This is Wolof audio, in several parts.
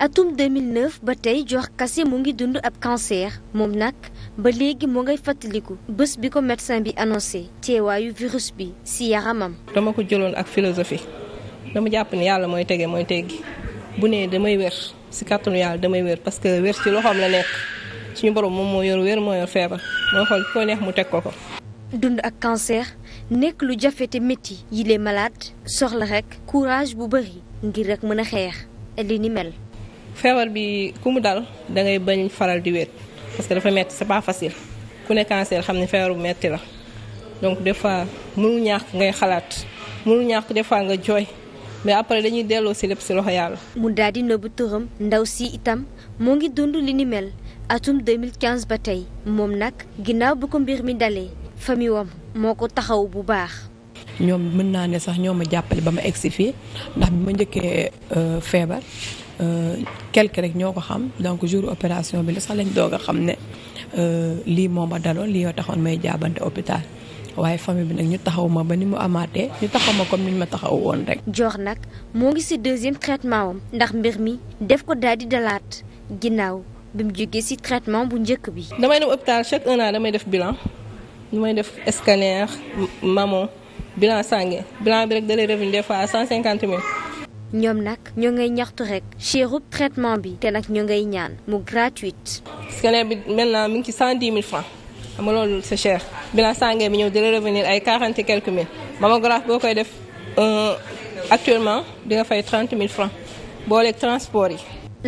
atum 2009 ba tey jox Kassé mu ngi dund ab cancer moom nag ba léegi mu ngay fàttaliku bés bi ko médecin bi annoncé teewaayu virus bi ci yaramam. dama ko jëloon ak philosophie dama jàpp ni yàlla mooy tege mooy teggi bu nee damay wér ci kàttanu yàlla damay wér parce que wér ci loxoom la nekk suñu borom moom moo yor wér moo yor feebar moo xool ko neex mu teg ko ko. dund ak cancer nekk lu jafe te métti yi les malaat soxla rek courage bu bëri ngir rek mën a xeex li feebar bi ku mu dal da ngay bañ faral di wéet parce que dafa metti c'est pas facile ku ne cancer xam ne feebar bu metti la donc des fois mënul ñàkk ngay xalaat mënul ñàkk des fois nga jooy mais après dañuy delloo si lépp si loxo yàlla. mu daal di nëbb turam ndaw si itam moo ngi dund li ni mel atum 2015 ba tey moom nag ginnaaw bu ko mbir mi dalee famille moo ko taxaw bu baax. ñoom mën naa ne sax ñoo ma jàppale ba ma egsi fii ndax bi ma njëkkee euh, feebar Euh, quelque rek ñoo ko xam donc jour opération bi la sax lañ doog a xam ne euh, lii moom ma daloon lii yoo taxoon may jaabante hôpital waaye famille bi nag ñu taxaw ma ba ni mu amaatee ñu taxaw ma comme ni ñu ma taxaw woon rek. jox nag moo ngi si deuxième traitement am ndax mbir mi def ko daal di dalaat ginnaaw bi mu jógee ci traitement bu njëkk bi. damay dem hôpital chaque un an damay def bilan damay def scanner maman bilan sanguin bilan bi rek da lay revenu des fois cent cinquante mille ñoom nag ñoo ngay ñaxtu rek chérub traitement bi te nag ñoo ngay ñaan mu gratuite. scanner bi maintenant mi ngi ci cent dix mille francs xam nga loolu cher bilan sanguin bi ñëw di la revenir ay quarante et quelques mille mammographe boo koy def euh, actuellement di nga fay trente mille francs booleeg transport yi.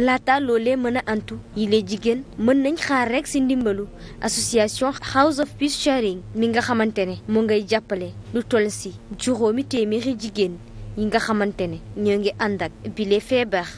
laata loolee mën a antu yi yile jigéen mën nañ xaar rek ci ndimbalu association House of Peace Sharing mi nga xamante ne mu ngay jàppale lu toll ci juróomi téeméeri jigéen. yi nga xamante ne ñoo ngi ànd ak bile feebar.